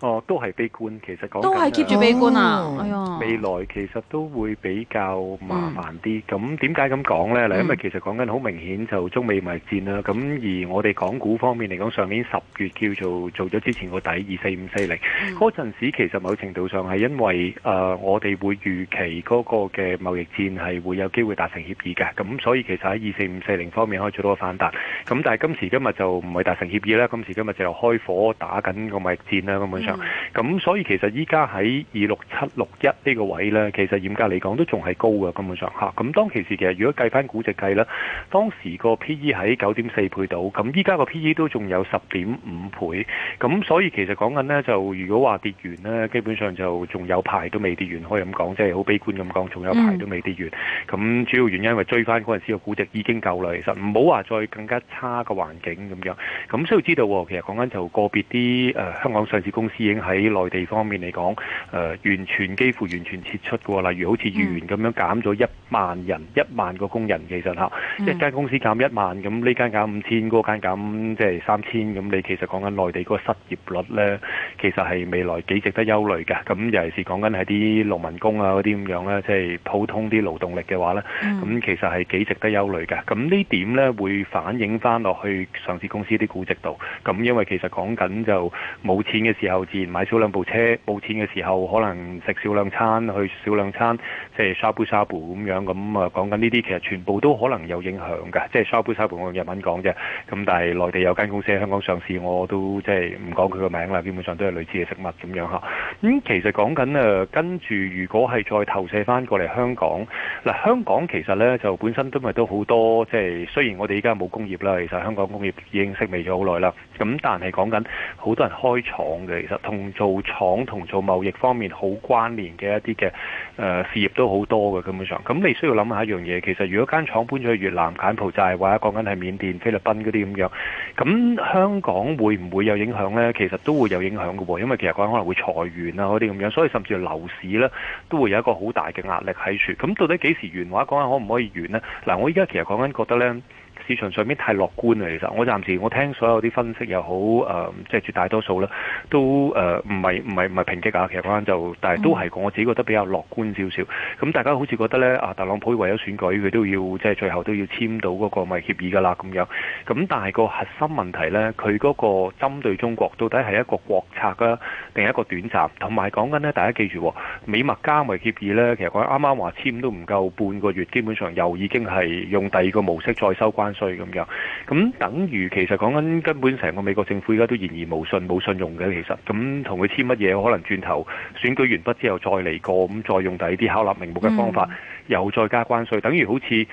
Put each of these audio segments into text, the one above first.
哦，都係悲觀，其實講緊都係 keep 住悲觀啊！未來其實都會比較麻煩啲。咁點解咁講呢？嗱，因為其實講緊好明顯就中美貿易戰啦。咁而我哋港股方面嚟講，上年十月叫做做咗之前個底二四五四零嗰陣時，其實某程度上係因為誒我哋會預期嗰個嘅貿易戰係會有機會達成協議嘅。咁所以其實喺二四五四零方面可以做到個反彈。咁但係今時今日就唔係達成協議啦。今時今日就開火打緊個貿易戰啦。咁樣。咁、嗯、所以其實依家喺二六七六一呢個位呢，其實嚴格嚟講都仲係高嘅，根本上嚇。咁、啊、當其時其實如果計翻估值計啦，當時個 P/E 喺九點四倍度，咁依家個 P/E 都仲有十點五倍。咁所以其實講緊呢，就如果話跌完呢，基本上就仲有排都未跌完，可以咁講，即係好悲觀咁講，仲有排都未跌完。咁、嗯、主要原因係追翻嗰陣時個估值已經夠啦，其實唔好話再更加差嘅環境咁樣。咁需要知道、啊，其實講緊就個別啲、呃、香港上市公司。已經喺內地方面嚟講，誒完全幾乎完全撤出嘅喎，例如好似裕元咁樣減咗一萬人一萬個工人，其實嚇一間公司減一萬，咁呢間減五千，嗰間減即係三千，咁你其實講緊內地嗰個失業率咧，其實係未來幾值得憂慮嘅。咁尤其是講緊喺啲農民工啊嗰啲咁樣咧，即係普通啲勞動力嘅話咧，咁其實係幾值得憂慮嘅。咁呢點咧會反映翻落去上市公司啲估值度。咁因為其實講緊就冇錢嘅時候。自然買少兩部車，冇錢嘅時候，可能食少兩餐，去少兩餐。即係沙布沙布咁樣咁啊，講緊呢啲其實全部都可能有影響㗎。即係沙布沙布我用日文講啫。咁但係內地有間公司喺香港上市，我都即係唔講佢個名啦。基本上都係類似嘅食物咁樣吓。咁其實講緊啊，跟住如果係再投射翻過嚟香港嗱，香港其實咧就本身都咪都好多。即係雖然我哋依家冇工業啦，其實香港工業已經式微咗好耐啦。咁但係講緊好多人開廠嘅，其實同做廠同做貿易方面好關聯嘅一啲嘅誒事業都。好多嘅根本上，咁你需要諗下一樣嘢。其實如果間廠搬咗去越南、柬埔寨或者講緊係緬甸、菲律賓嗰啲咁樣，咁香港會唔會有影響呢？其實都會有影響嘅喎，因為其實講可能會裁員啊嗰啲咁樣，所以甚至樓市呢，都會有一個好大嘅壓力喺處。咁到底幾時完話講緊可唔可以完呢？嗱，我依家其實講緊覺得呢。市場上面太樂觀啦，其實我暫時我聽所有啲分析又好，誒即係絕大多數啦，都誒唔係唔係唔係平擊啊，其實講緊就，但係都係我自己覺得比較樂觀少少。咁大家好似覺得咧，啊特朗普為咗選舉，佢都要即係、就是、最後都要簽到嗰個美協議噶啦，咁樣。咁但係個核心問題咧，佢嗰個針對中國到底係一個國策啊，定係一個短暫？同埋講緊呢，大家記住，美墨加密協議咧，其實講啱啱話簽都唔夠半個月，基本上又已經係用第二個模式再收關。所以咁樣，咁等於其實講緊根本成個美國政府而家都言而無信、冇信用嘅，其實咁同佢簽乜嘢，可能轉頭選舉完畢之後再嚟過，咁再用第二啲巧立名目嘅方法，又再加關稅，等於好似誒，即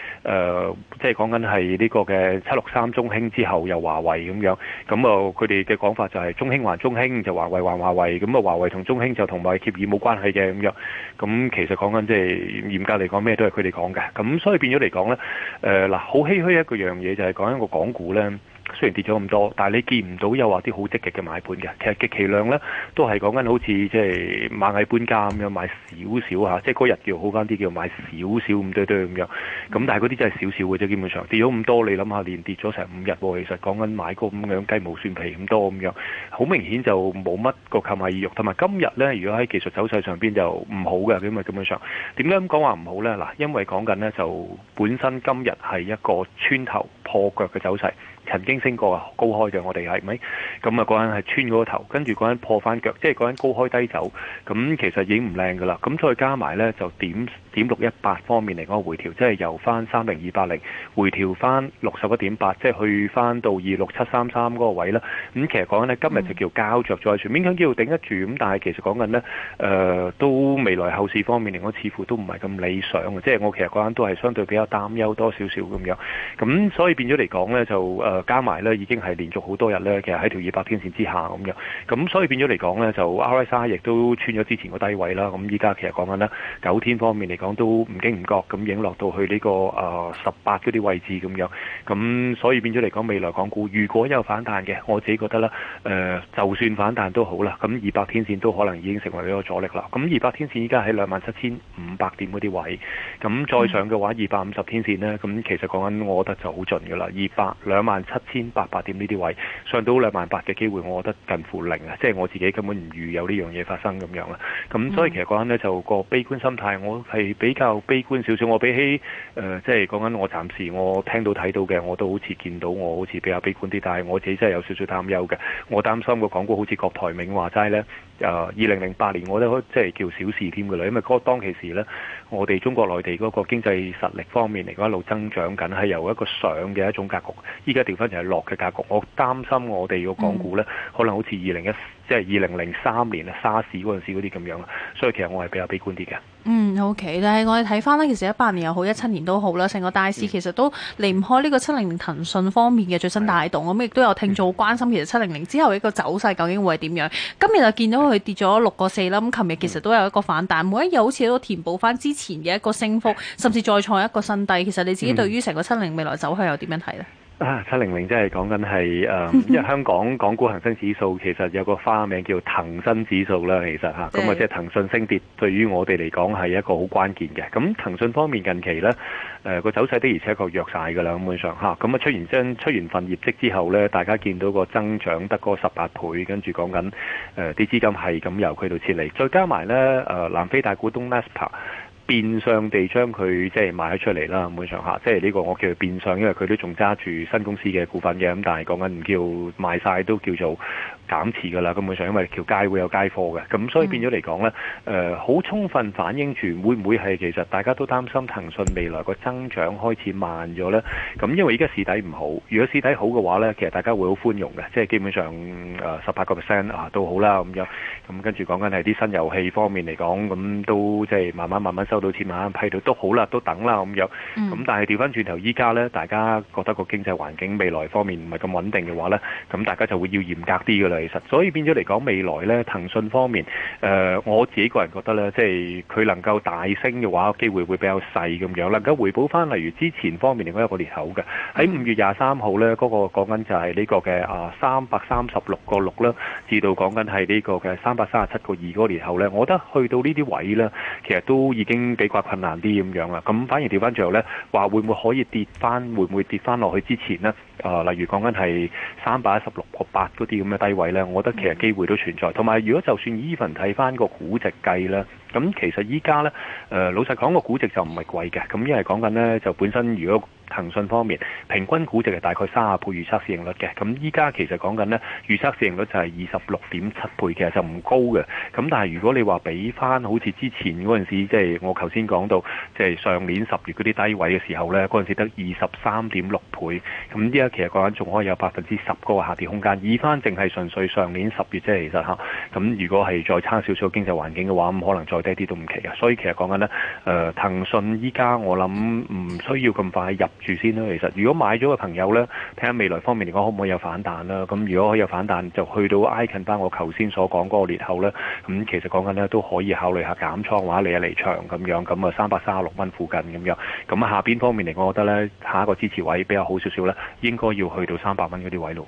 係講緊係呢個嘅七六三中興之後又華為咁樣，咁啊佢哋嘅講法就係中興還中興，就華為還華為，咁啊華為同中興就同埋協議冇關係嘅咁樣，咁其實講緊即係嚴格嚟講咩都係佢哋講嘅，咁所以變咗嚟講呢，誒嗱好唏噓一個樣。嘢就係講一個港股咧。雖然跌咗咁多，但係你見唔到又話啲好積極嘅買盤嘅，其實極其量呢都係講緊好似即係螞蟻搬家咁樣買少少吓，即係嗰日叫好間啲叫買少少咁多多咁樣。咁但係嗰啲真係少少嘅啫，基本上跌咗咁多，你諗下連跌咗成五日，其實講緊買個咁樣雞毛蒜皮咁多咁樣，好明顯就冇乜個購買意欲。同埋今日呢，如果喺技術走勢上邊就唔好嘅，咁啊基本上點解咁講話唔好呢？嗱，因為講緊呢就本身今日係一個穿頭破腳嘅走勢。曾經升過啊，高開嘅我哋係咪？咁啊，嗰陣係穿嗰個頭，跟住嗰陣破返腳，即係嗰陣高開低走，咁其實已經唔靚㗎啦。咁再加埋咧，就點點六一八方面嚟講，回調即係由返三零二八零回調返六十一點八，即係去返到二六七三三嗰個位啦。咁其實講緊呢，今日就叫膠着喺處，勉強叫做頂得住。咁但係其實講緊呢，誒、呃、都未來後市方面嚟講，似乎都唔係咁理想嘅，即係我其實嗰陣都係相對比較擔憂多少少咁樣。咁所以變咗嚟講咧，就誒。呃加埋咧，已經係連續好多日咧，其實喺條二百天線之下咁樣，咁所以變咗嚟講呢，就 RSI 亦都穿咗之前個低位啦。咁依家其實講緊咧，九天方面嚟講都唔經唔覺咁影落到去呢、呢個誒十八嗰啲位置咁樣，咁所以變咗嚟講，未來港股如果有反彈嘅，我自己覺得咧，誒、呃、就算反彈都好啦，咁二百天線都可能已經成為咗個阻力啦。咁二百天線依家喺兩萬七千五百點嗰啲位，咁再上嘅話二百五十天線呢。咁其實講緊我覺得就好盡噶啦，二百兩萬。七千八百點呢啲位上到兩萬八嘅機會，我覺得近乎零啊！即係我自己根本唔預有呢樣嘢發生咁樣啦。咁所以其實講緊呢，就個悲觀心態，我係比較悲觀少少。我比起誒即係講緊我暫時我聽到睇到嘅，我都好似見到我好似比較悲觀啲。但係我自己真係有少少擔憂嘅。我擔心個港股好似郭台銘話齋呢，誒二零零八年我都即係叫小事添㗎啦，因為嗰當其時呢。我哋中國內地嗰個經濟實力方面嚟講，一路增長緊，係由一個上嘅一種格局，依家調翻就係落嘅格局。我擔心我哋個港股咧，可能好似二零一即係二零零三年啊、嗯，沙士嗰陣時嗰啲咁樣啦。所以其實我係比較悲觀啲嘅。嗯，OK，但係我哋睇翻咧，其實一八年又好，一七年都好啦，成個大市其實都離唔開呢個七零零騰訊方面嘅最新帶動。咁亦的、嗯、都有聽眾關心，其實七零零之後一個走勢究竟會係點樣？今日就見到佢跌咗六個四啦。咁琴日其實都有一個反彈，每一日好似都填補翻資前嘅一個升幅，甚至再創一個新低。其實你自己對於成個七零未來走向又點樣睇呢？啊，七零零即係講緊係誒，嗯、 因為香港港股恒生指數其實有個花名叫騰生指數啦。其實嚇，咁、就是、啊即係、就是、騰訊升跌對於我哋嚟講係一個好關鍵嘅。咁騰訊方面近期呢，誒、呃、個走勢的而且確弱晒㗎啦，基本上嚇。咁啊出完張出完份業績之後呢，大家見到個增長得個十八倍，跟住講緊誒啲資金係咁由佢度撤離，再加埋呢，誒、呃、南非大股東 Naspers。變相地將佢即係賣咗出嚟啦，每場客，即係呢個我叫佢變相，因為佢都仲揸住新公司嘅股份嘅，咁但係講緊唔叫賣曬都叫做。減持㗎啦，根本上因為條街會有街貨嘅，咁所以變咗嚟講呢，誒好、嗯呃、充分反映住會唔會係其實大家都擔心騰訊未來個增長開始慢咗呢？咁因為依家市底唔好，如果市底好嘅話呢，其實大家會好寬容嘅，即係基本上誒十八個 percent 啊都好啦咁樣。咁跟住講緊係啲新遊戲方面嚟講，咁都即係慢慢慢慢收到錢啊批到都好啦，都等啦咁樣。咁、嗯、但係調翻轉頭依家呢，大家覺得個經濟環境未來方面唔係咁穩定嘅話呢，咁大家就會要嚴格啲㗎啦。所以變咗嚟講，未來呢騰訊方面，誒、呃、我自己個人覺得呢，即係佢能夠大升嘅話，機會會比較細咁樣能夠回補翻，例如之前方面另外一個裂口嘅，喺五月廿三號呢，嗰、那個講緊就係呢個嘅啊三百三十六個六啦，至到講緊係呢個嘅三百三十七個二嗰個裂口呢，我覺得去到呢啲位呢，其實都已經比較困難啲咁樣啦。咁反而調翻轉頭呢，話會唔會可以跌翻？會唔會跌翻落去之前呢？誒、呃，例如講緊係三百一十六個八嗰啲咁嘅低位。我覺得其實機會都存在。同埋，如果就算 even 睇翻個估值計咧，咁其實依家咧，誒、呃、老實講個估值就唔係貴嘅。咁因為講緊咧，就本身如果。騰訊方面，平均估值係大概三十倍預測市盈率嘅，咁依家其實講緊呢預測市盈率就係二十六點七倍其實，就唔高嘅。咁但係如果你話比翻好似之前嗰陣時，即係我頭先講到，即係上年十月嗰啲低位嘅時候呢，嗰陣時得二十三點六倍。咁依家其實講緊仲可以有百分之十個下跌空間。以翻淨係純粹上年十月啫，其實嚇，咁如果係再差少少經濟環境嘅話，咁可能再低啲都唔奇嘅。所以其實講緊呢，誒騰訊依家我諗唔需要咁快入住先啦，其實如果買咗嘅朋友呢，睇下未來方面嚟講，可唔可以有反彈啦、啊？咁如果可以有反彈，就去到挨近翻我頭先所講嗰個裂口呢。咁其實講緊呢，都可以考慮下減倉或者離一離場咁樣。咁啊，三百三十六蚊附近咁樣。咁下邊方面嚟講，我覺得呢，下一個支持位比較好少少呢，應該要去到三百蚊嗰啲位度。